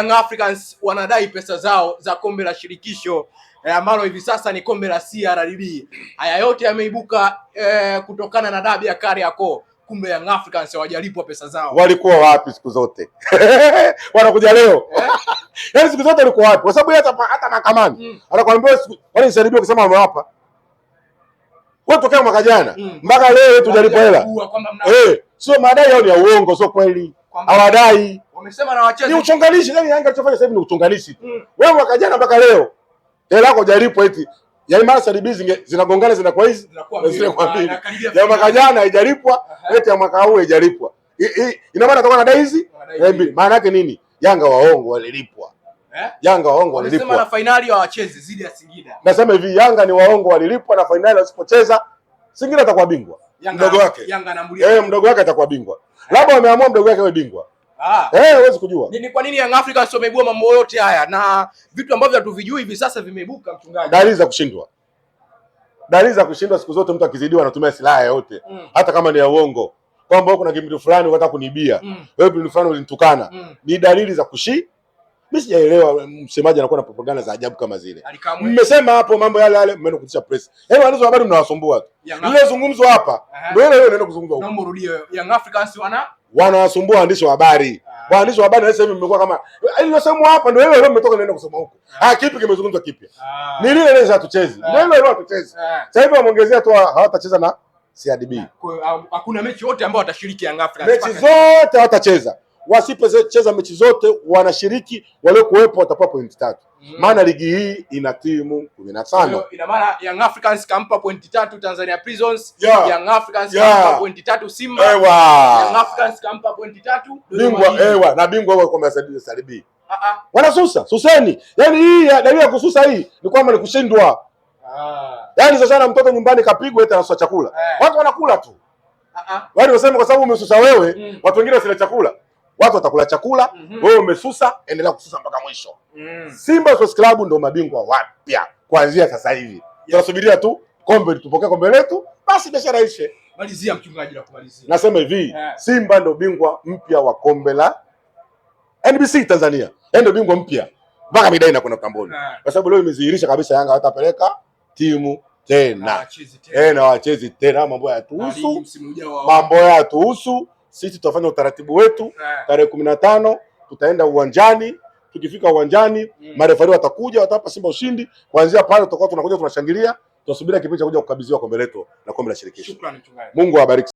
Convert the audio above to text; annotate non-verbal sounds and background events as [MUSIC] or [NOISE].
Young Africans wanadai pesa zao za kombe la shirikisho eh, ambalo hivi sasa ni kombe la CRDB. Haya yote yameibuka eh, kutokana na dabi ya Kariakoo. Kumbe Young Africans hawajalipwa pesa zao. Walikuwa wapi siku zote? [LAUGHS] Wanakuja leo eh? Yaani siku zote walikuwa wapi? Kwa sababu hata hata mahakamani mm. anakuambia wale CRDB wakisema wamewapa wewe tokea mwaka jana mm. mpaka mm. leo tujalipa hela. eh, sio madai yao ni ya uongo, sio kweli hawadai, wamesema na wachezaji ni uchonganishi. Yani Yanga alichofanya sasa hivi ni uchonganishi. Mm. Wewe mwaka jana mpaka leo hela yako haijalipwa eti yaani mara saribi zinagongana zinakuwa hizi zinakuwa mbili, ah, ya mwaka jana haijalipwa eti ya mwaka huu haijalipwa. Ina maana atakuwa na dai hizi mbili. Maana yake nini? Yanga waongo walilipwa eh? Yanga waongo walilipwa Nasema na finali fainali hawachezi zidi ya Singida. Nasema hivi Yanga ni waongo walilipwa, na finali wasipocheza Singida atakuwa bingwa mdogo wake eh, mdogo wake atakuwa bingwa, labda wameamua mdogo wake awe bingwa. Ah. Eh, huwezi kujua ni kwa nini Young Africans sio wameibua mambo yote haya na vitu ambavyo hatuvijui hivi sasa vimeibuka, mchungaji. Dalili za kushindwa, dalili za kushindwa siku zote, mtu akizidiwa anatumia silaha yote mm. hata kama ni ya uongo kwamba kuna kimtu fulani unataka kunibia mm. wewe fulani ulinitukana mm. ni dalili za kushi mimi sijaelewa msemaji anakuwa na propaganda za ajabu kama zile. Mmesema hapo mambo yale yale, mmeenda kutisha press. Yaani waandishi habari mnawasumbua tu. Ile zungumzo hapa ndio ile ile inaenda kuzungumzwa huko. Naomba urudie. Young Africans wana wanawasumbua waandishi wa habari. Ah. Waandishi wa habari sasa hivi mmekuwa kama ile yaani iliyosemwa hapa ndio ile ile mmetoka naenda kusoma huko. Ah, ah kipi kimezungumzwa kipi? Ah. Ni ile ile za tucheze. Ndio ile ile hatuchezi. Sasa hivi wameongezea tu hawatacheza na CRDB. Hakuna mechi yote ambayo watashiriki Young Africans. Mechi zote hawatacheza wasipocheza mechi zote wanashiriki, waliokuwepo watapewa pointi tatu, mm. maana mm. ligi hii ina timu kumi na tano. Ina maana Young Africans kampa pointi tatu Tanzania Prisons, yeah. Young Africans yeah. kampa pointi tatu Simba, ewa. Young Africans kampa pointi tatu bingwa, ewa na bingwa wao kwa Salibi a ah, a ah. wanasusa suseni. Yani hii ya dalili ya kususa hii ni kwamba ni kushindwa. ah Yani sasa na mtoto nyumbani kapigwa eti anasusa chakula, eh. watu wanakula tu, ah, yaani wasema kwa sababu umesusa wewe, mm. watu wengine wasile chakula watu watakula chakula mhm. wewe mm -hmm. Umesusa, endelea kususa mpaka mwisho mm. Simba Sports Club ndio mabingwa wapya kuanzia sasa hivi, tunasubiria tu kombe, tupokee kombe letu basi, biashara ishe. Malizia mchungaji, na kumalizia nasema hivi yeah. Simba ndio bingwa mpya wa kombe la NBC Tanzania, ndio bingwa mpya mpaka midai na kuna kamboni yeah. Kwa sababu leo imezihirisha kabisa Yanga watapeleka timu tena na wachezi tena, eh, mambo ya tuhusu, mambo ya tuhusu sisi tutafanya utaratibu wetu. Eh. Tarehe kumi na tano tutaenda uwanjani. Tukifika uwanjani mm. marefari watakuja, watapa Simba ushindi. Kuanzia pale tutakuwa tunakuja tunashangilia, tunasubiria kipindi cha kuja kukabidhiwa kombe letu na kombe la shirikisho. Mungu awabariki.